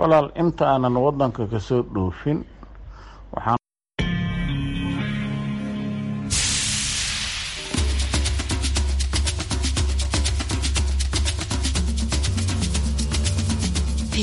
walaal inta aanan waddanka ka soo dhoofin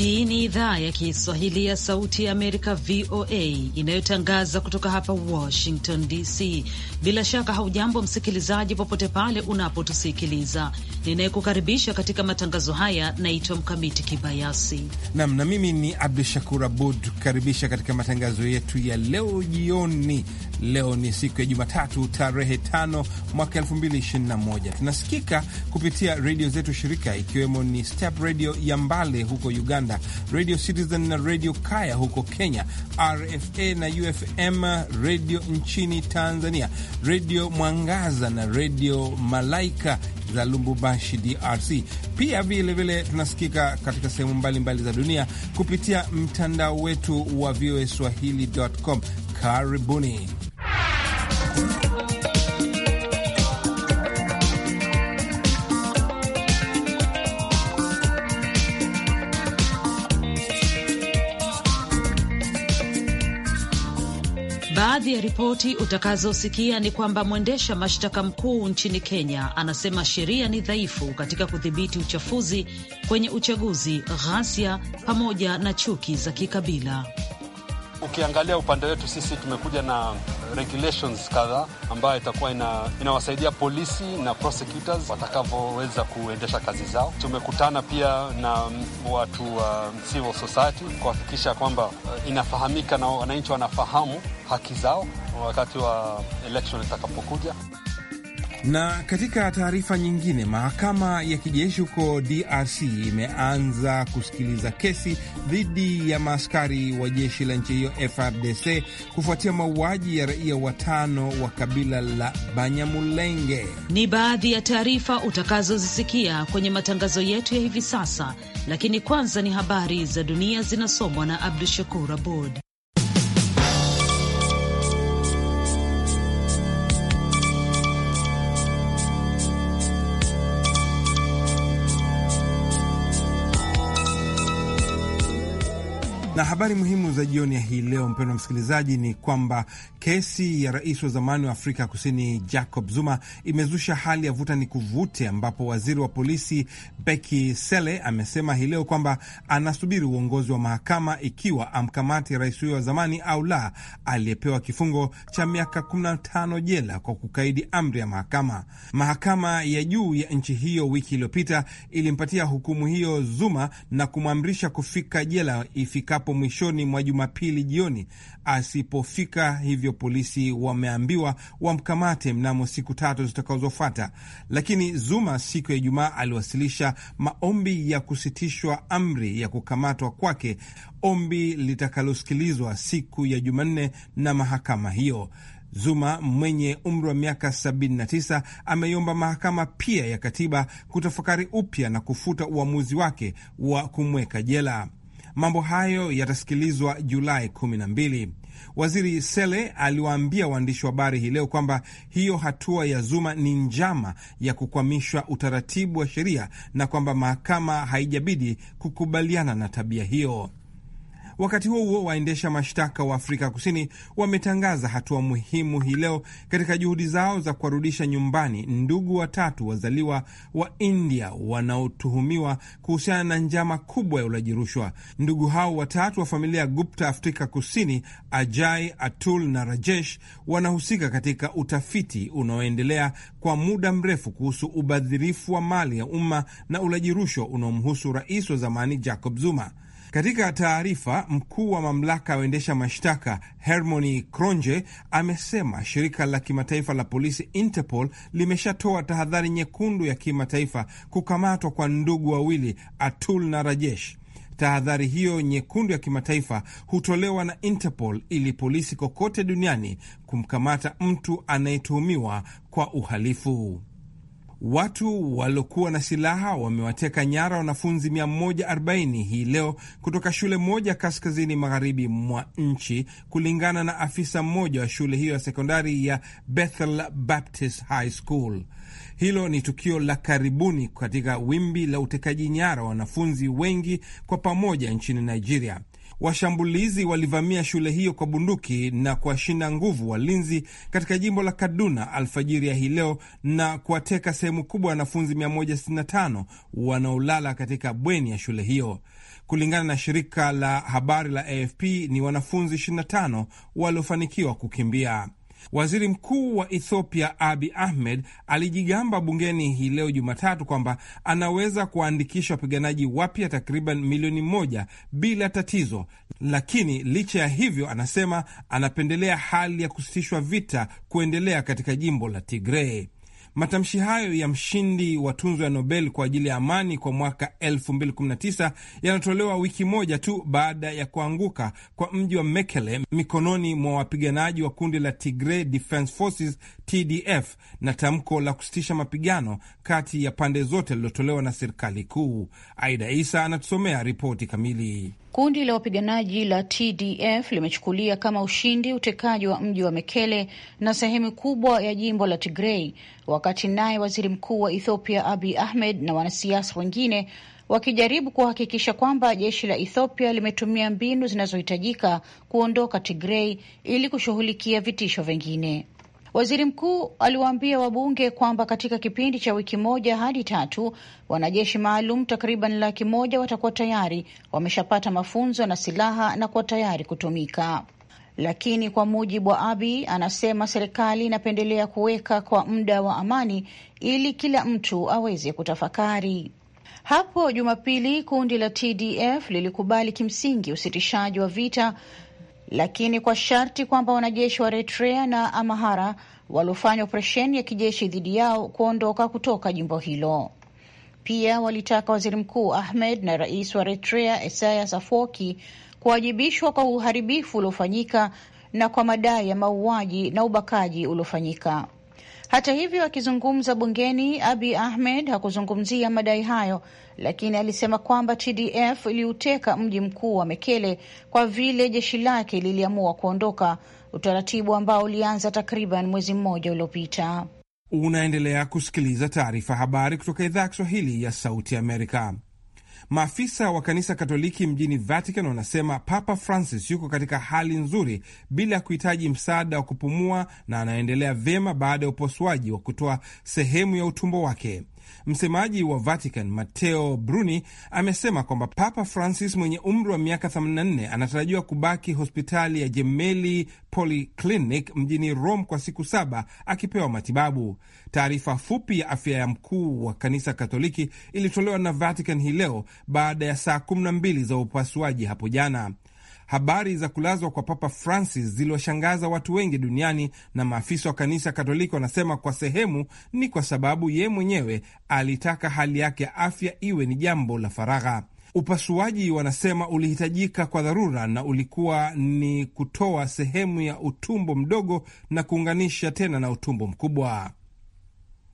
Hii ni idhaa ya Kiswahili ya Sauti ya Amerika, VOA, inayotangaza kutoka hapa Washington DC. Bila shaka haujambo msikilizaji, popote pale unapotusikiliza. Ninayekukaribisha katika matangazo haya naitwa Mkamiti Kibayasi nam, na mimi ni Abdu Shakur Abud, kukaribisha katika matangazo yetu ya leo jioni Leo ni siku ya Jumatatu, tarehe ta mwaka 221 Tunasikika kupitia redio zetu shirika, ikiwemo ni Step Redio ya Mbale huko Uganda, Radio Citizen na Redio Kaya huko Kenya, RFA na UFM redio nchini Tanzania, Redio Mwangaza na Redio Malaika za Lubumbashi, DRC. Pia vilevile tunasikika katika sehemu mbalimbali za dunia kupitia mtandao wetu wa VOA Swahili.com. Karibuni. Baadhi ya ripoti utakazosikia ni kwamba mwendesha mashtaka mkuu nchini Kenya anasema sheria ni dhaifu katika kudhibiti uchafuzi kwenye uchaguzi, ghasia pamoja na chuki za kikabila. Ukiangalia upande wetu sisi tumekuja na regulations kadhaa ambayo itakuwa ina, inawasaidia polisi na prosecutors watakavyoweza kuendesha kazi zao. Tumekutana pia na watu wa uh, civil society kuhakikisha kwamba uh, inafahamika na wananchi wanafahamu haki zao wakati wa election itakapokuja. Na katika taarifa nyingine, mahakama ya kijeshi huko DRC imeanza kusikiliza kesi dhidi ya maaskari wa jeshi la nchi hiyo frdc kufuatia mauaji ya raia watano wa kabila la Banyamulenge. Ni baadhi ya taarifa utakazozisikia kwenye matangazo yetu ya hivi sasa, lakini kwanza ni habari za dunia zinasomwa na Abdu Shakur Abud. Na habari muhimu za jioni ya hii leo, mpendwa msikilizaji, ni kwamba kesi ya rais wa zamani wa Afrika Kusini Jacob Zuma imezusha hali ya vuta ni kuvute, ambapo waziri wa polisi Beki Sele amesema hii leo kwamba anasubiri uongozi wa mahakama ikiwa amkamati rais huyo wa zamani au la, aliyepewa kifungo cha miaka 15 jela kwa kukaidi amri ya mahakama. Mahakama ya juu ya nchi hiyo wiki iliyopita ilimpatia hukumu hiyo Zuma na kumwamrisha kufika jela ifikapo hapo mwishoni mwa Jumapili jioni. Asipofika hivyo, polisi wameambiwa wamkamate mnamo siku tatu zitakazofuata. Lakini Zuma siku ya Ijumaa aliwasilisha maombi ya kusitishwa amri ya kukamatwa kwake, ombi litakalosikilizwa siku ya Jumanne na mahakama hiyo. Zuma mwenye umri wa miaka 79 ameiomba mahakama pia ya katiba kutafakari upya na kufuta uamuzi wake wa kumweka jela. Mambo hayo yatasikilizwa Julai 12 Waziri Sele aliwaambia waandishi wa habari hii leo kwamba hiyo hatua ya Zuma ni njama ya kukwamisha utaratibu wa sheria na kwamba mahakama haijabidi kukubaliana na tabia hiyo. Wakati huo huo, waendesha mashtaka wa Afrika Kusini wametangaza hatua muhimu hii leo katika juhudi zao za kuwarudisha nyumbani ndugu watatu wazaliwa wa India wanaotuhumiwa kuhusiana na njama kubwa ya ulaji rushwa. Ndugu hao watatu wa familia ya Gupta Afrika Kusini, Ajay, Atul na Rajesh, wanahusika katika utafiti unaoendelea kwa muda mrefu kuhusu ubadhirifu wa mali ya umma na ulaji rushwa unaomhusu rais wa zamani Jacob Zuma. Katika taarifa, mkuu wa mamlaka ya waendesha mashtaka Hermony cronje amesema shirika la kimataifa la polisi Interpol limeshatoa tahadhari nyekundu ya kimataifa kukamatwa kwa ndugu wawili Atul na Rajesh. Tahadhari hiyo nyekundu ya kimataifa hutolewa na Interpol ili polisi kokote duniani kumkamata mtu anayetuhumiwa kwa uhalifu. Watu waliokuwa na silaha wamewateka nyara wanafunzi 140 hii leo kutoka shule moja kaskazini magharibi mwa nchi, kulingana na afisa mmoja wa shule hiyo ya sekondari ya Bethel Baptist High School. Hilo ni tukio la karibuni katika wimbi la utekaji nyara wanafunzi wengi kwa pamoja nchini Nigeria. Washambulizi walivamia shule hiyo kwa bunduki na kuwashinda nguvu walinzi katika jimbo la Kaduna alfajiri ya hii leo na kuwateka sehemu kubwa ya wanafunzi 165 wanaolala katika bweni ya shule hiyo. Kulingana na shirika la habari la AFP, ni wanafunzi 25 waliofanikiwa kukimbia. Waziri Mkuu wa Ethiopia Abi Ahmed alijigamba bungeni hii leo Jumatatu kwamba anaweza kuwaandikisha wapiganaji wapya takriban milioni moja bila tatizo, lakini licha ya hivyo, anasema anapendelea hali ya kusitishwa vita kuendelea katika jimbo la Tigrei. Matamshi hayo ya mshindi wa tunzo ya Nobel kwa ajili ya amani kwa mwaka 2019 yanatolewa wiki moja tu baada ya kuanguka kwa mji wa Mekele mikononi mwa wapiganaji wa kundi la Tigray Defense Forces TDF na tamko la kusitisha mapigano kati ya pande zote lililotolewa na serikali kuu. Aida Isa anatusomea ripoti kamili. Kundi la wapiganaji la TDF limechukulia kama ushindi utekaji wa mji wa Mekele na sehemu kubwa ya jimbo la Tigrei, wakati naye waziri mkuu wa Ethiopia abi Ahmed na wanasiasa wengine wakijaribu kuhakikisha kwamba jeshi la Ethiopia limetumia mbinu zinazohitajika kuondoka Tigrei ili kushughulikia vitisho vingine. Waziri mkuu aliwaambia wabunge kwamba katika kipindi cha wiki moja hadi tatu wanajeshi maalum takriban laki moja watakuwa tayari wameshapata mafunzo na silaha na kuwa tayari kutumika. Lakini kwa mujibu wa Abi, anasema serikali inapendelea kuweka kwa muda wa amani ili kila mtu aweze kutafakari. Hapo Jumapili kundi la TDF lilikubali kimsingi usitishaji wa vita lakini kwa sharti kwamba wanajeshi wa Eritrea na Amhara waliofanya operesheni ya kijeshi dhidi yao kuondoka kutoka jimbo hilo. Pia walitaka waziri mkuu Ahmed na rais wa Eritrea Isaias Afwerki kuwajibishwa kwa uharibifu uliofanyika na kwa madai ya mauaji na ubakaji uliofanyika. Hata hivyo, akizungumza bungeni, Abi Ahmed hakuzungumzia madai hayo, lakini alisema kwamba TDF iliuteka mji mkuu wa Mekele kwa vile jeshi lake liliamua kuondoka, utaratibu ambao ulianza takriban mwezi mmoja uliopita. Unaendelea kusikiliza taarifa habari kutoka idhaa ya Kiswahili ya Sauti Amerika. Maafisa wa kanisa Katoliki mjini Vatican wanasema Papa Francis yuko katika hali nzuri bila ya kuhitaji msaada wa kupumua na anaendelea vyema baada ya upasuaji wa kutoa sehemu ya utumbo wake. Msemaji wa Vatican Matteo Bruni amesema kwamba Papa Francis mwenye umri wa miaka 84 anatarajiwa kubaki hospitali ya Gemelli Polyclinic mjini Rome kwa siku saba akipewa matibabu. Taarifa fupi ya afya ya mkuu wa kanisa Katoliki ilitolewa na Vatican hii leo baada ya saa 12 za upasuaji hapo jana. Habari za kulazwa kwa Papa Francis ziliwashangaza watu wengi duniani, na maafisa wa kanisa Katoliki wanasema kwa sehemu ni kwa sababu ye mwenyewe alitaka hali yake ya afya iwe ni jambo la faragha. Upasuaji wanasema ulihitajika kwa dharura na ulikuwa ni kutoa sehemu ya utumbo mdogo na kuunganisha tena na utumbo mkubwa.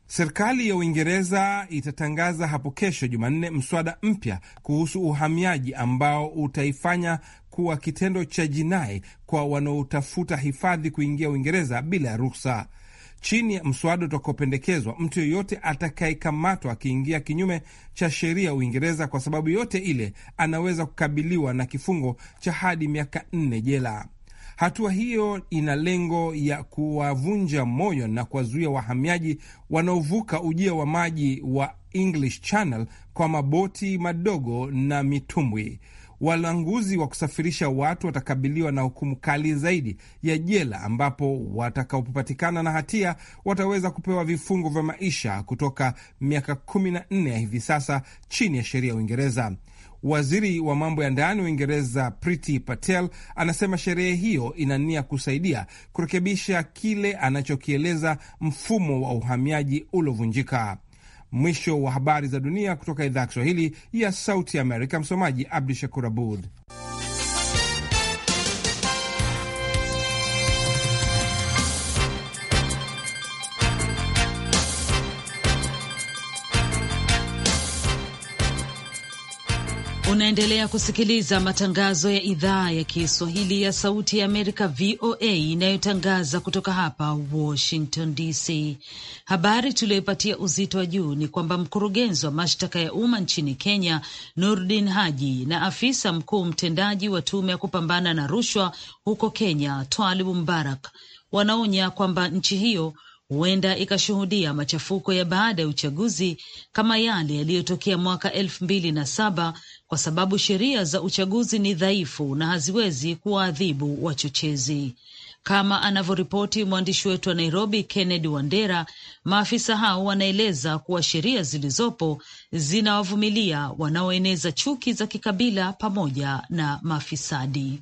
Serikali ya Uingereza itatangaza hapo kesho Jumanne mswada mpya kuhusu uhamiaji ambao utaifanya kuwa kitendo cha jinai kwa wanaotafuta hifadhi kuingia Uingereza bila ya ruhusa. Chini ya mswada utakaopendekezwa, mtu yeyote atakayekamatwa akiingia kinyume cha sheria Uingereza kwa sababu yote ile anaweza kukabiliwa na kifungo cha hadi miaka nne jela. Hatua hiyo ina lengo ya kuwavunja moyo na kuwazuia wahamiaji wanaovuka ujia wa maji wa English Channel kwa maboti madogo na mitumbwi. Walanguzi wa kusafirisha watu watakabiliwa na hukumu kali zaidi ya jela, ambapo watakapopatikana na hatia wataweza kupewa vifungo vya maisha kutoka miaka 14 ya hivi sasa chini ya sheria ya Uingereza. Waziri wa mambo ya ndani Uingereza Priti Patel anasema sherehe hiyo ina nia kusaidia kurekebisha kile anachokieleza mfumo wa uhamiaji uliovunjika. Mwisho wa habari za dunia kutoka idhaa ya Kiswahili ya Sauti Amerika. Msomaji Abdu Shakur Abud. Unaendelea kusikiliza matangazo ya idhaa ya Kiswahili ya Sauti ya Amerika, VOA, inayotangaza kutoka hapa Washington DC. Habari tuliyoipatia uzito wa juu ni kwamba mkurugenzi wa mashtaka ya umma nchini Kenya, Nurdin Haji, na afisa mkuu mtendaji wa tume ya kupambana na rushwa huko Kenya, twalib Mbarak, wanaonya kwamba nchi hiyo huenda ikashuhudia machafuko ya baada ya uchaguzi kama yale yaliyotokea mwaka elfu mbili na saba kwa sababu sheria za uchaguzi ni dhaifu na haziwezi kuwaadhibu wachochezi. Kama anavyoripoti mwandishi wetu wa Nairobi, Kennedy Wandera, maafisa hao wanaeleza kuwa sheria zilizopo zinawavumilia wanaoeneza chuki za kikabila pamoja na mafisadi.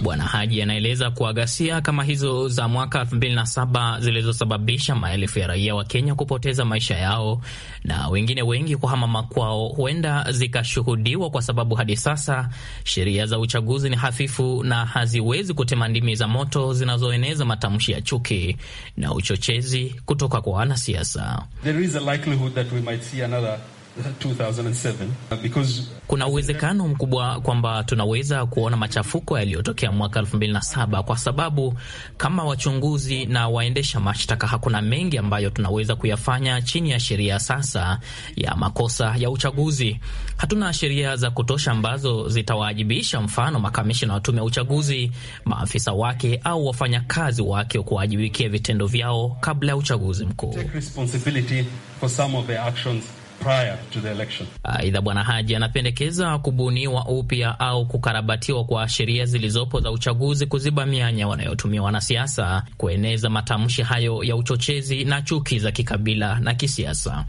Bwana Haji anaeleza kuwa ghasia kama hizo za mwaka 2007 zilizosababisha maelfu ya raia wa Kenya kupoteza maisha yao na wengine wengi kuhama makwao huenda zikashuhudiwa kwa sababu hadi sasa sheria za uchaguzi ni hafifu na haziwezi kutema ndimi za moto zinazoeneza matamshi ya chuki na uchochezi kutoka kwa wanasiasa. There is a likelihood that we might see another 2007, uh, kuna uwezekano mkubwa kwamba tunaweza kuona machafuko yaliyotokea mwaka 2007 kwa sababu kama wachunguzi na waendesha mashtaka, hakuna mengi ambayo tunaweza kuyafanya chini ya sheria sasa ya makosa ya uchaguzi. Hatuna sheria za kutosha ambazo zitawaajibisha, mfano makamishina wa tume ya uchaguzi, maafisa wake au wafanyakazi wake kuwaajibikia vitendo vyao kabla ya uchaguzi mkuu. Take responsibility for some of actions prior to the election. Uh, aidha, Bwana Haji anapendekeza kubuniwa upya au kukarabatiwa kwa sheria zilizopo za uchaguzi kuziba mianya wanayotumia wanasiasa kueneza matamshi hayo ya uchochezi na chuki za kikabila na kisiasa.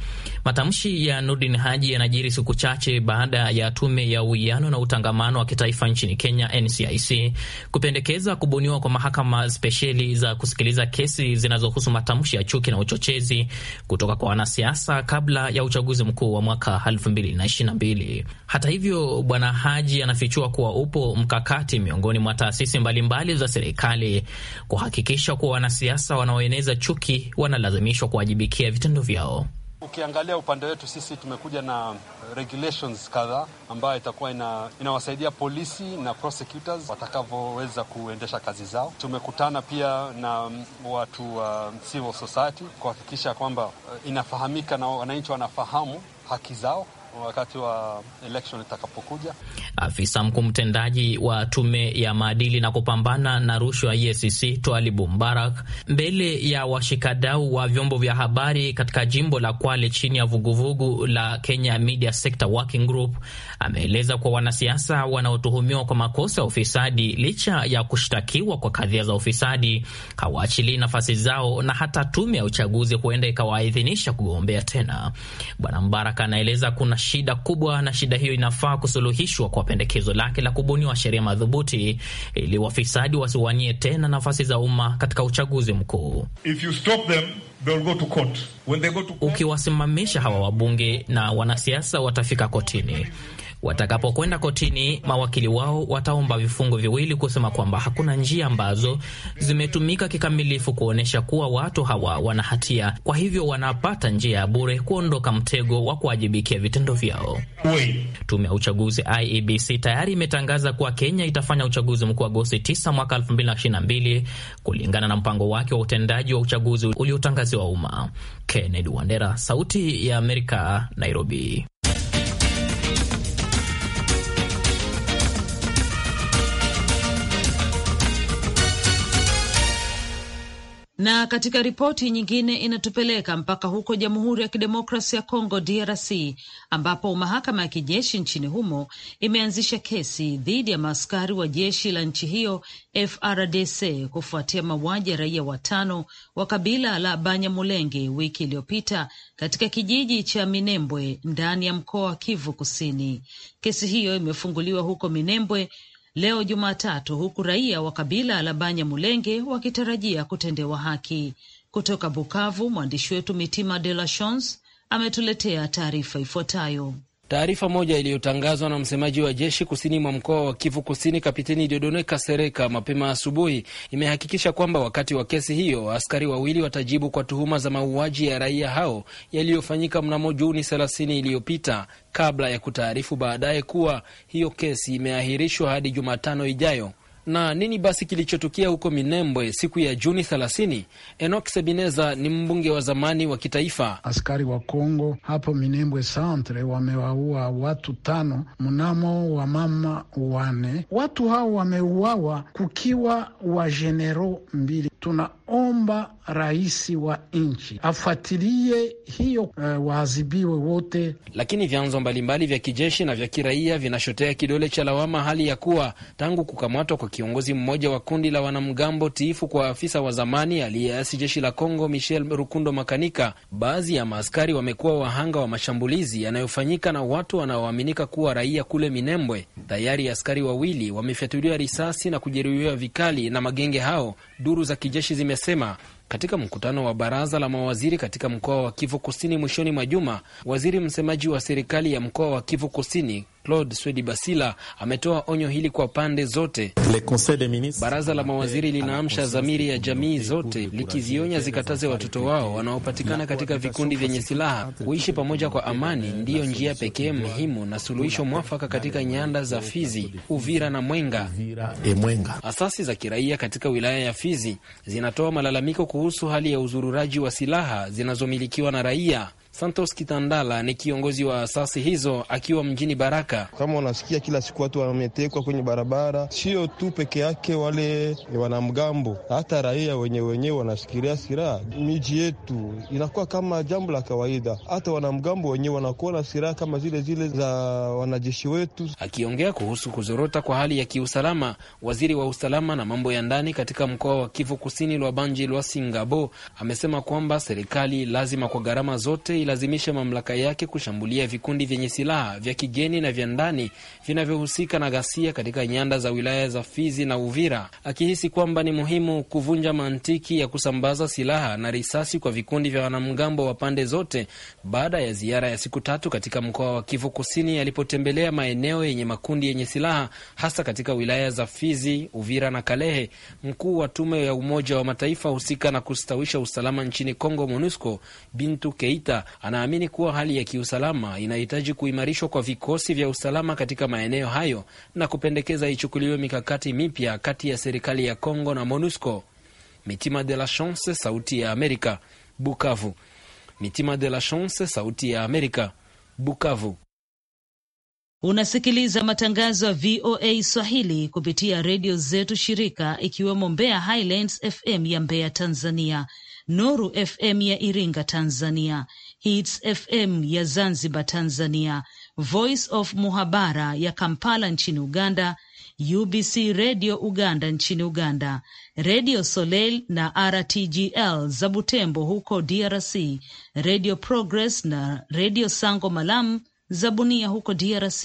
Matamshi ya Nurdin Haji yanajiri siku chache baada ya tume ya uwiano na utangamano wa kitaifa nchini Kenya, NCIC, kupendekeza kubuniwa kwa mahakama spesheli za kusikiliza kesi zinazohusu matamshi ya chuki na uchochezi kutoka kwa wanasiasa kabla ya uchaguzi uchaguzi mkuu wa mwaka 2022. Hata hivyo, Bwana Haji anafichua kuwa upo mkakati miongoni mwa taasisi mbalimbali za serikali kuhakikisha kuwa wanasiasa wanaoeneza chuki wanalazimishwa kuwajibikia vitendo vyao. Ukiangalia upande wetu sisi tumekuja na regulations kadhaa ambayo itakuwa ina, inawasaidia polisi na prosecutors watakavyoweza kuendesha kazi zao. Tumekutana pia na watu wa uh, civil society kuhakikisha kwamba uh, inafahamika na wananchi wanafahamu haki zao wakati wa election itakapokuja. Afisa mkuu mtendaji wa tume ya maadili na kupambana na rushwa EACC toalibu Mbarak, mbele ya washikadau wa vyombo vya habari katika jimbo la Kwale chini ya vuguvugu la Kenya Media Sector Working Group, ameeleza kuwa wanasiasa wanaotuhumiwa kwa makosa ya ufisadi, licha ya kushtakiwa kwa kadhia za ufisadi, hawaachilii nafasi zao na hata tume ya uchaguzi huenda ikawaidhinisha kugombea tena. Bwana Mbarak anaeleza kuna shida kubwa, na shida hiyo inafaa kusuluhishwa kwa pendekezo lake la kubuniwa sheria madhubuti ili wafisadi wasiwanie tena nafasi za umma katika uchaguzi mkuu. If you stop them, ukiwasimamisha hawa wabunge na wanasiasa watafika kotini. Watakapokwenda kotini, mawakili wao wataomba vifungu viwili kusema kwamba hakuna njia ambazo zimetumika kikamilifu kuonyesha kuwa watu hawa wana hatia, kwa hivyo wanapata njia ya bure kuondoka mtego wa kuwajibikia vitendo vyao. Tume ya uchaguzi IEBC tayari imetangaza kuwa Kenya itafanya uchaguzi mkuu Agosti 9 mwaka 2022 kulingana na mpango wake wa utendaji wa uchaguzi uliotangaziwa umma. Kennedy Wandera, Sauti ya Amerika, Nairobi. Na katika ripoti nyingine inatupeleka mpaka huko Jamhuri ya Kidemokrasi ya Kongo, DRC, ambapo mahakama ya kijeshi nchini humo imeanzisha kesi dhidi ya maaskari wa jeshi la nchi hiyo FRDC kufuatia mauaji ya raia watano wa kabila la Banyamulenge wiki iliyopita katika kijiji cha Minembwe ndani ya mkoa wa Kivu Kusini. Kesi hiyo imefunguliwa huko Minembwe leo Jumatatu, huku raia wa kabila la banya mulenge wakitarajia kutendewa haki. Kutoka Bukavu, mwandishi wetu Mitima De La Chance ametuletea taarifa ifuatayo. Taarifa moja iliyotangazwa na msemaji wa jeshi kusini mwa mkoa wa Kivu Kusini, Kapiteni Dodone Kasereka, mapema asubuhi imehakikisha kwamba wakati wa kesi hiyo askari wawili watajibu kwa tuhuma za mauaji ya raia hao yaliyofanyika mnamo Juni 30 iliyopita, kabla ya kutaarifu baadaye kuwa hiyo kesi imeahirishwa hadi Jumatano ijayo. Na nini basi kilichotokea huko Minembwe siku ya Juni 30? Enok Sebineza ni mbunge wa zamani wa kitaifa. Askari wa Kongo hapo Minembwe Centre wamewaua watu tano, mnamo wa mama wane. Watu hao wameuawa kukiwa jenero mbili tuna omba rais wa nchi afuatilie hiyo, uh, waadhibiwe wote. Lakini vyanzo mbalimbali vya kijeshi na vya kiraia vinashotea kidole cha lawama hali ya kuwa tangu kukamatwa kwa kiongozi mmoja wa kundi la wanamgambo tiifu kwa afisa wa zamani aliyeasi jeshi la Kongo Michel Rukundo Makanika, baadhi ya maaskari wamekuwa wahanga wa mashambulizi yanayofanyika na watu wanaoaminika kuwa raia kule Minembwe. Tayari askari wawili wamefyatuliwa risasi na kujeruhiwa vikali na magenge hao duru za kijeshi zimesema katika mkutano wa baraza la mawaziri katika mkoa wa Kivu Kusini mwishoni mwa juma, waziri msemaji wa serikali ya mkoa wa Kivu Kusini Claude Swedi Basila ametoa onyo hili kwa pande zote. Baraza la mawaziri linaamsha dhamiri ya jamii zote likizionya zikataze watoto wao wanaopatikana katika vikundi vyenye silaha. Kuishi pamoja kwa amani ndiyo njia pekee muhimu na suluhisho mwafaka katika nyanda za Fizi, Uvira na Mwenga. Asasi za kiraia katika wilaya ya Fizi zinatoa malalamiko kuhusu hali ya uzururaji wa silaha zinazomilikiwa na raia. Santos Kitandala ni kiongozi wa asasi hizo akiwa mjini Baraka. Kama unasikia kila siku watu wametekwa kwenye barabara, sio tu peke yake wale wanamgambo, hata raia wenye wenyewe wanashikilia silaha. Miji yetu inakuwa kama jambo la kawaida, hata wanamgambo wenyewe wanakuwa na silaha kama zile zile za wanajeshi wetu. Akiongea kuhusu kuzorota kwa hali ya kiusalama, waziri wa usalama na mambo ya ndani katika mkoa wa Kivu Kusini, Lwabanji Lwasingabo amesema kwamba serikali lazima kwa gharama zote ilazimisha mamlaka yake kushambulia vikundi vyenye silaha vya kigeni na vya ndani vinavyohusika na ghasia katika nyanda za wilaya za Fizi na Uvira, akihisi kwamba ni muhimu kuvunja mantiki ya kusambaza silaha na risasi kwa vikundi vya wanamgambo wa pande zote, baada ya ziara ya siku tatu katika mkoa wa Kivu Kusini alipotembelea maeneo yenye makundi yenye silaha hasa katika wilaya za Fizi, Uvira na Kalehe. Mkuu wa tume ya Umoja wa Mataifa husika na kustawisha usalama nchini Kongo, MONUSCO, Bintu Keita anaamini kuwa hali ya kiusalama inahitaji kuimarishwa kwa vikosi vya usalama katika maeneo hayo na kupendekeza ichukuliwe mikakati mipya kati ya serikali ya congo na MONUSCO. Mitima de la Chance, Sauti ya Amerika, Bukavu. Mitima de la Chance, Sauti ya Amerika, Bukavu. Unasikiliza matangazo ya VOA Swahili kupitia redio zetu shirika, ikiwemo Mbeya Highlands FM ya Mbeya Tanzania, Noru FM ya Iringa Tanzania, Hits FM ya Zanzibar Tanzania, Voice of Muhabara ya Kampala nchini Uganda, UBC Radio Uganda nchini Uganda, Radio Soleil na RTGL za Butembo huko DRC, Radio Progress na Radio Sango Malamu za Bunia huko DRC.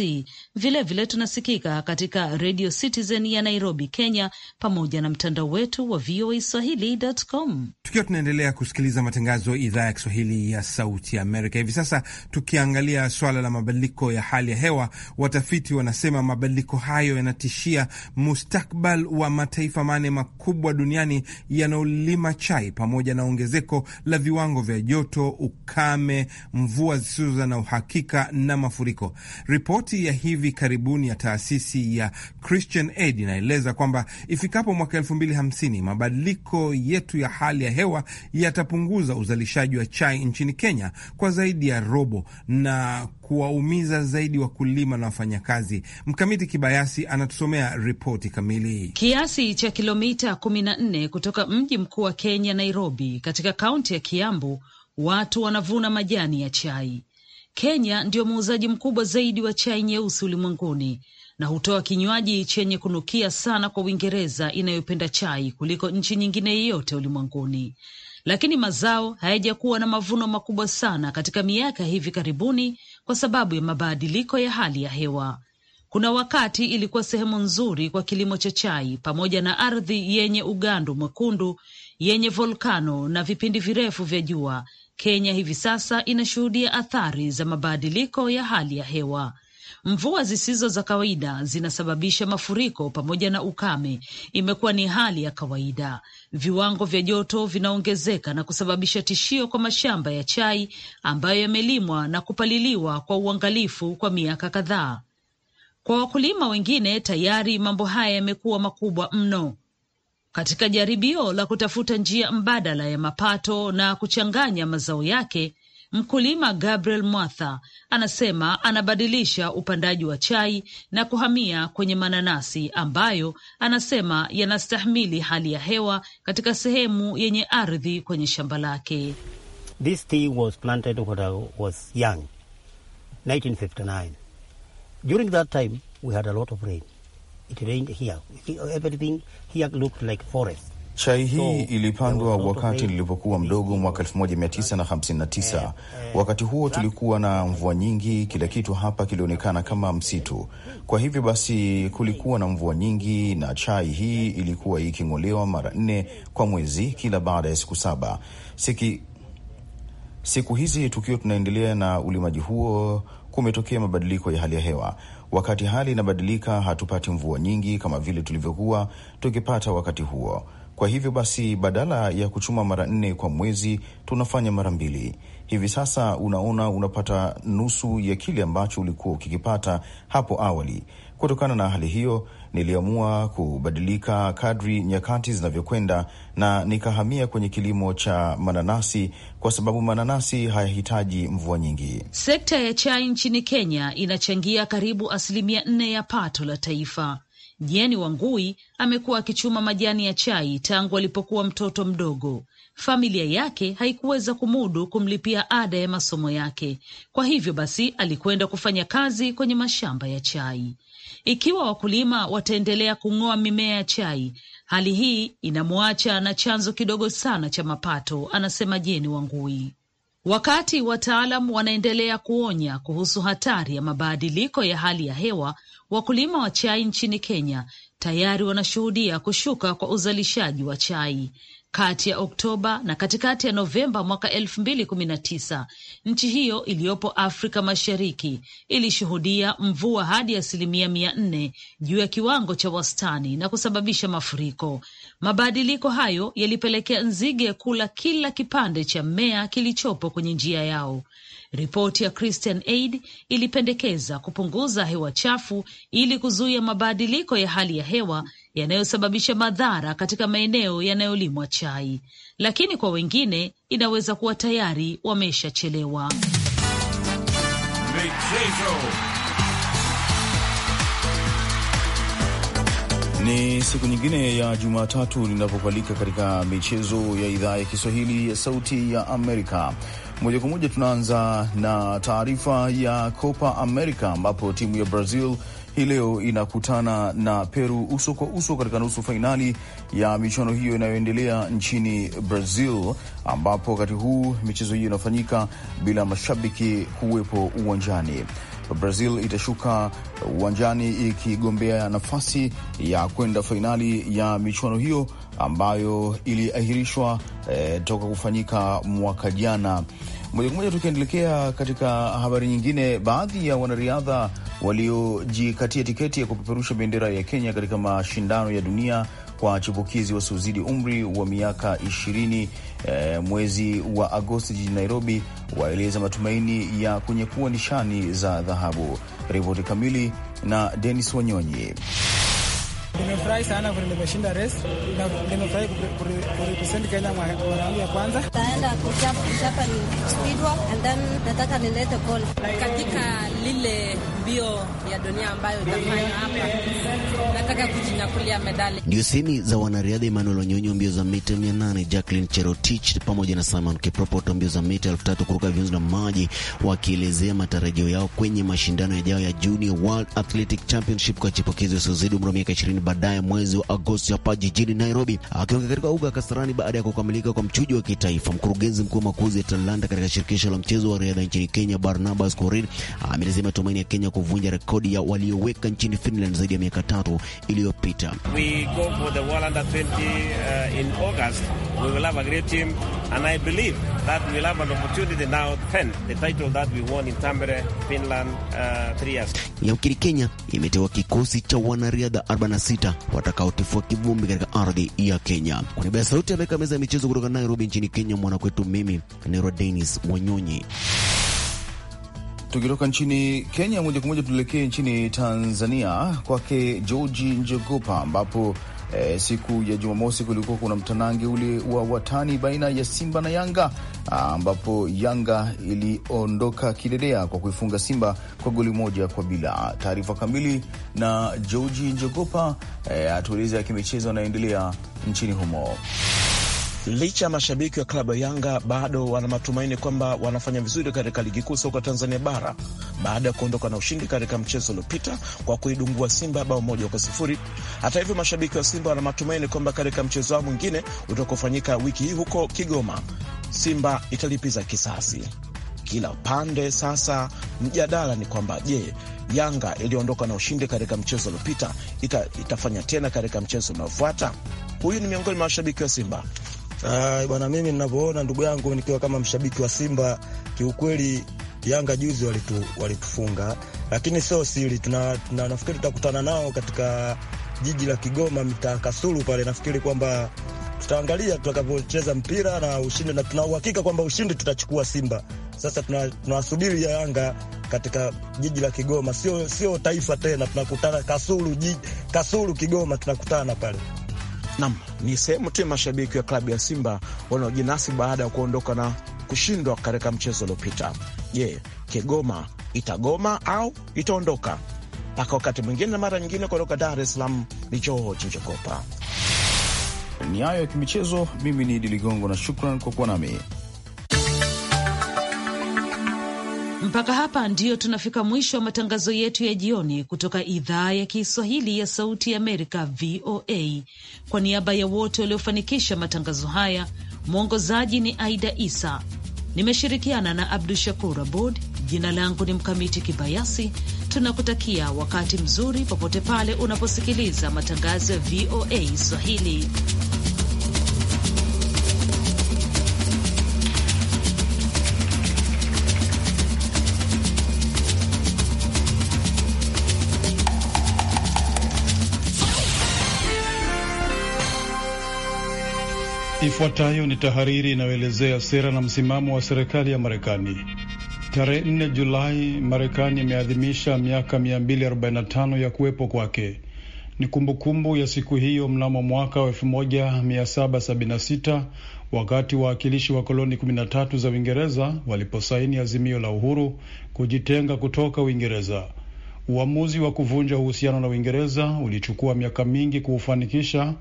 Vilevile vile tunasikika katika Radio Citizen ya Nairobi, Kenya, pamoja na mtandao wetu wa VOA Swahili.com. Tukiwa tunaendelea kusikiliza matangazo ya idhaa ya Kiswahili ya Sauti ya Amerika hivi sasa, tukiangalia swala la mabadiliko ya hali ya hewa, watafiti wanasema mabadiliko hayo yanatishia mustakbal wa mataifa mane makubwa duniani yanayolima chai pamoja na ongezeko la viwango vya joto, ukame, mvua zisizo na uhakika na mafuriko. Ripoti ya hivi karibuni ya taasisi ya Christian Aid inaeleza kwamba ifikapo mwaka elfu mbili hamsini mabadiliko yetu ya hali ya hewa yatapunguza uzalishaji wa chai nchini Kenya kwa zaidi ya robo na kuwaumiza zaidi wakulima na wafanyakazi. Mkamiti Kibayasi anatusomea ripoti kamili. Kiasi cha kilomita 14 kutoka mji mkuu wa Kenya, Nairobi, katika kaunti ya Kiambu, watu wanavuna majani ya chai. Kenya ndio muuzaji mkubwa zaidi wa chai nyeusi ulimwenguni na hutoa kinywaji chenye kunukia sana kwa Uingereza inayopenda chai kuliko nchi nyingine yeyote ulimwenguni. Lakini mazao hayajakuwa na mavuno makubwa sana katika miaka hivi karibuni kwa sababu ya mabadiliko ya hali ya hewa. Kuna wakati ilikuwa sehemu nzuri kwa kilimo cha chai pamoja na ardhi yenye ugandu mwekundu yenye volkano na vipindi virefu vya jua Kenya hivi sasa inashuhudia athari za mabadiliko ya hali ya hewa. Mvua zisizo za kawaida zinasababisha mafuriko pamoja na ukame, imekuwa ni hali ya kawaida. Viwango vya joto vinaongezeka na kusababisha tishio kwa mashamba ya chai ambayo yamelimwa na kupaliliwa kwa uangalifu kwa miaka kadhaa. Kwa wakulima wengine tayari mambo haya yamekuwa makubwa mno katika jaribio la kutafuta njia mbadala ya mapato na kuchanganya mazao yake. Mkulima Gabriel Mwatha anasema anabadilisha upandaji wa chai na kuhamia kwenye mananasi ambayo anasema yanastahimili hali ya hewa katika sehemu yenye ardhi kwenye shamba lake. This tea was planted when I was young, 1959. During that time we had a lot of rain. It rained here. Everything here looked like forest. Chai hii ilipandwa wakati nilipokuwa mdogo mwaka 1959. Eh, eh. Wakati huo tulikuwa na mvua nyingi, kila kitu hapa kilionekana kama msitu. Kwa hivyo basi, kulikuwa na mvua nyingi, na chai hii ilikuwa iking'olewa mara nne kwa mwezi, kila baada ya siku saba. Siki, siku hizi tukiwa tunaendelea na ulimaji huo, kumetokea mabadiliko ya hali ya hewa. Wakati hali inabadilika, hatupati mvua nyingi kama vile tulivyokuwa tukipata wakati huo. Kwa hivyo basi, badala ya kuchuma mara nne kwa mwezi tunafanya mara mbili hivi sasa. Unaona, unapata nusu ya kile ambacho ulikuwa ukikipata hapo awali, Kutokana na hali hiyo, niliamua kubadilika kadri nyakati zinavyokwenda, na nikahamia kwenye kilimo cha mananasi kwa sababu mananasi hayahitaji mvua nyingi. Sekta ya chai nchini Kenya inachangia karibu asilimia nne ya pato la taifa. Jeni Wangui amekuwa akichuma majani ya chai tangu alipokuwa mtoto mdogo familia yake haikuweza kumudu kumlipia ada ya masomo yake. Kwa hivyo basi, alikwenda kufanya kazi kwenye mashamba ya chai. Ikiwa wakulima wataendelea kung'oa mimea ya chai, hali hii inamwacha na chanzo kidogo sana cha mapato, anasema Jeni Wangui. Wakati wataalam wanaendelea kuonya kuhusu hatari ya mabadiliko ya hali ya hewa, wakulima wa chai nchini Kenya tayari wanashuhudia kushuka kwa uzalishaji wa chai kati ya Oktoba na katikati ya Novemba mwaka elfu mbili kumi na tisa nchi hiyo iliyopo Afrika Mashariki ilishuhudia mvua hadi asilimia mia nne juu ya kiwango cha wastani na kusababisha mafuriko. Mabadiliko hayo yalipelekea nzige kula kila kipande cha mmea kilichopo kwenye njia yao. Ripoti ya Christian Aid ilipendekeza kupunguza hewa chafu ili kuzuia mabadiliko ya hali ya hewa yanayosababisha madhara katika maeneo yanayolimwa chai, lakini kwa wengine inaweza kuwa tayari wameshachelewa. Michezo. Ni siku nyingine ya Jumatatu ninapokualika katika michezo ya idhaa ya Kiswahili ya Sauti ya Amerika. Moja kwa moja tunaanza na taarifa ya Copa America ambapo timu ya Brazil hii leo inakutana na Peru uso kwa uso katika nusu fainali ya michuano hiyo inayoendelea nchini Brazil, ambapo wakati huu michezo hiyo inafanyika bila mashabiki kuwepo uwanjani. Brazil itashuka uwanjani ikigombea nafasi ya kwenda fainali ya michuano hiyo ambayo iliahirishwa eh, toka kufanyika mwaka jana moja kwa moja tukiendelekea katika habari nyingine, baadhi ya wanariadha waliojikatia tiketi ya kupeperusha bendera ya Kenya katika mashindano ya dunia kwa chipukizi wasiozidi umri wa miaka ishirini eh, mwezi wa Agosti jijini Nairobi waeleza matumaini ya kunyekua nishani za dhahabu. Ripoti kamili na Denis Wanyonyi. Nimefurahi sana kwa nimeshinda race na nimefurahi kurepresent Kenya mara yangu ya kwanza. Taenda kuchapa kuchapa ni speedwalk and then nataka nilete gold katika ile mbio ya dunia ambayo itafanywa hapa, nataka kujinyakulia medali. Ndio semi za wanariadha Emmanuel Wanyonyi mbio za mita 800, Jacqueline Cherotich pamoja na Simon Kiprotich mbio za mita 3000 kuruka viunzi na maji, wakielezea matarajio yao kwenye mashindano yajao ya Junior World Athletic Championship kwa chipukizi wasiozidi umri wa miaka 20 baadaye mwezi wa Agosti hapa jijini Nairobi. Akiongea katika uga Kasarani baada ya kukamilika kwa mchujo wa kitaifa, mkurugenzi mkuu wa makuzi ya talanta katika shirikisho la mchezo wa riadha nchini Kenya Barnabas Korir amesema matumaini ya Kenya kuvunja rekodi ya walioweka nchini Finland zaidi ya miaka tatu iliyopita. Uh, uh, Yamkini Kenya imetewa kikosi cha wanariadha 46 watakaotifua kivumbi katika ardhi ya Kenya. Kwa niaba ya Sauti ya Amerika, meza ya michezo kutoka Nairobi nchini Kenya, mwanakwetu mimi Nero Denis Wanyonyi. Tukitoka nchini Kenya moja kwa moja tuelekee nchini Tanzania, kwake Georgi Njogopa, ambapo e, siku ya Jumamosi kulikuwa kuna mtanange ule wa watani baina ya Simba na Yanga, ambapo Yanga iliondoka kidedea kwa kuifunga Simba kwa goli moja kwa bila. Taarifa kamili na Georgi Njogopa e, atueleze kimichezo anaendelea nchini humo. Licha ya mashabiki wa klabu ya Yanga bado wana matumaini kwamba wanafanya vizuri katika ligi kuu soka Tanzania bara baada ya kuondoka na ushindi katika mchezo uliopita kwa kuidungua Simba bao moja kwa sifuri. Hata hivyo, mashabiki wa Simba wana matumaini kwamba katika mchezo wao mwingine utakaofanyika wiki hii huko Kigoma, Simba italipiza kisasi. Kila upande sasa, mjadala ni kwamba je, Yanga iliyoondoka na ushindi katika mchezo uliopita ita, itafanya tena katika mchezo unaofuata? Huyu ni miongoni mwa washabiki wa Simba Uh, bwana, mimi ninavyoona ndugu yangu, nikiwa kama mshabiki wa Simba, kiukweli Yanga juzi walitu, walitufunga, lakini sio siri, tuna, tuna nafikiri tutakutana nao katika jiji la Kigoma mtaa Kasulu pale. Nafikiri kwamba tutaangalia tutakapocheza mpira na ushindi, na tuna uhakika kwamba ushindi tutachukua Simba. Sasa tunawasubiri tuna Yanga katika jiji la Kigoma, sio sio Taifa tena, tunakutana Kasulu, jiji, Kasulu Kigoma tunakutana pale. Nam ni sehemu tu ya mashabiki wa klabu ya Simba wanaojinasi baada ya kuondoka na kushindwa katika mchezo uliopita. Je, Kigoma itagoma au itaondoka? Mpaka wakati mwingine na mara nyingine. Kutoka Dar es Salaam ni choo Chinjokopa. Ni hayo ya kimichezo. Mimi ni Idi Ligongo na shukran kwa kuwa nami. Mpaka hapa ndiyo tunafika mwisho wa matangazo yetu ya jioni kutoka idhaa ya Kiswahili ya Sauti ya Amerika, VOA. Kwa niaba ya wote waliofanikisha matangazo haya, mwongozaji ni Aida Isa, nimeshirikiana na Abdu Shakur Abud. Jina langu ni Mkamiti Kibayasi. Tunakutakia wakati mzuri popote pale unaposikiliza matangazo ya VOA Swahili. Ifuatayo ni tahariri inayoelezea sera na msimamo wa serikali ya Marekani. Tarehe 4 Julai, Marekani imeadhimisha miaka 245 ya kuwepo kwake. Ni kumbukumbu ya siku hiyo mnamo mwaka wa 1776 wakati wawakilishi wa koloni 13 za Uingereza waliposaini azimio la uhuru kujitenga kutoka Uingereza. Uamuzi wa kuvunja uhusiano na Uingereza ulichukua miaka mingi kuufanikisha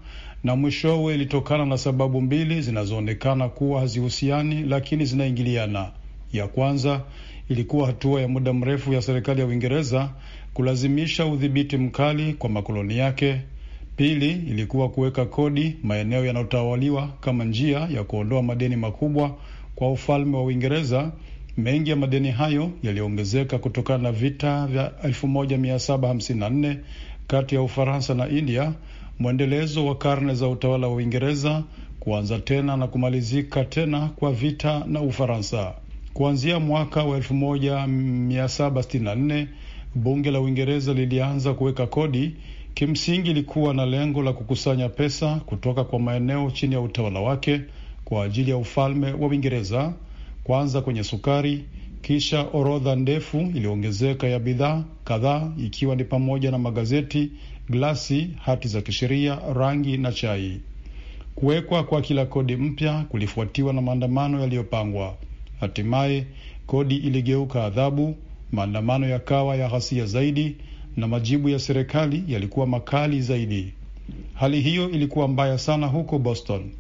na mwishowe ilitokana na sababu mbili zinazoonekana kuwa hazihusiani lakini zinaingiliana. Ya kwanza ilikuwa hatua ya muda mrefu ya serikali ya Uingereza kulazimisha udhibiti mkali kwa makoloni yake. Pili ilikuwa kuweka kodi maeneo yanayotawaliwa kama njia ya kuondoa madeni makubwa kwa ufalme wa Uingereza Mengi ya madeni hayo yaliyoongezeka kutokana na vita vya 1754 kati ya Ufaransa na India, mwendelezo wa karne za utawala wa Uingereza, kuanza tena na kumalizika tena kwa vita na Ufaransa. Kuanzia mwaka wa 1764 bunge la Uingereza lilianza kuweka kodi. Kimsingi ilikuwa na lengo la kukusanya pesa kutoka kwa maeneo chini ya utawala wake kwa ajili ya ufalme wa Uingereza kwanza kwenye sukari, kisha orodha ndefu iliyoongezeka ya bidhaa kadhaa ikiwa ni pamoja na magazeti, glasi, hati za kisheria, rangi na chai. Kuwekwa kwa kila kodi mpya kulifuatiwa na maandamano yaliyopangwa. Hatimaye kodi iligeuka adhabu, maandamano yakawa ya ghasia zaidi, na majibu ya serikali yalikuwa makali zaidi. Hali hiyo ilikuwa mbaya sana huko Boston.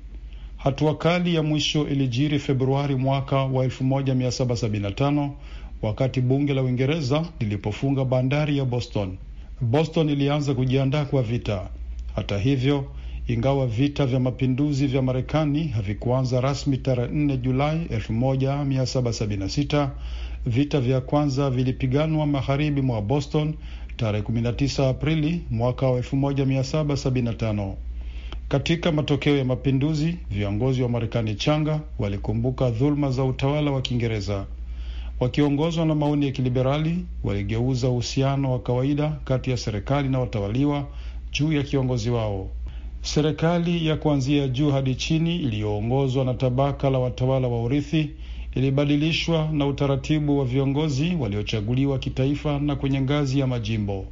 Hatua kali ya mwisho ilijiri Februari mwaka wa 1775 wakati bunge la Uingereza lilipofunga bandari ya Boston. Boston ilianza kujiandaa kwa vita. Hata hivyo, ingawa vita vya mapinduzi vya Marekani havikuanza rasmi tarehe 4 Julai 1776, vita vya kwanza vilipiganwa magharibi mwa Boston tarehe 19 Aprili mwaka wa 1775. Katika matokeo ya mapinduzi, viongozi wa Marekani changa walikumbuka dhuluma za utawala wa Kiingereza. Wakiongozwa na maoni ya kiliberali, waligeuza uhusiano wa kawaida kati ya serikali na watawaliwa juu ya kiongozi wao. Serikali ya kuanzia juu hadi chini iliyoongozwa na tabaka la watawala wa urithi ilibadilishwa na utaratibu wa viongozi waliochaguliwa kitaifa na kwenye ngazi ya majimbo.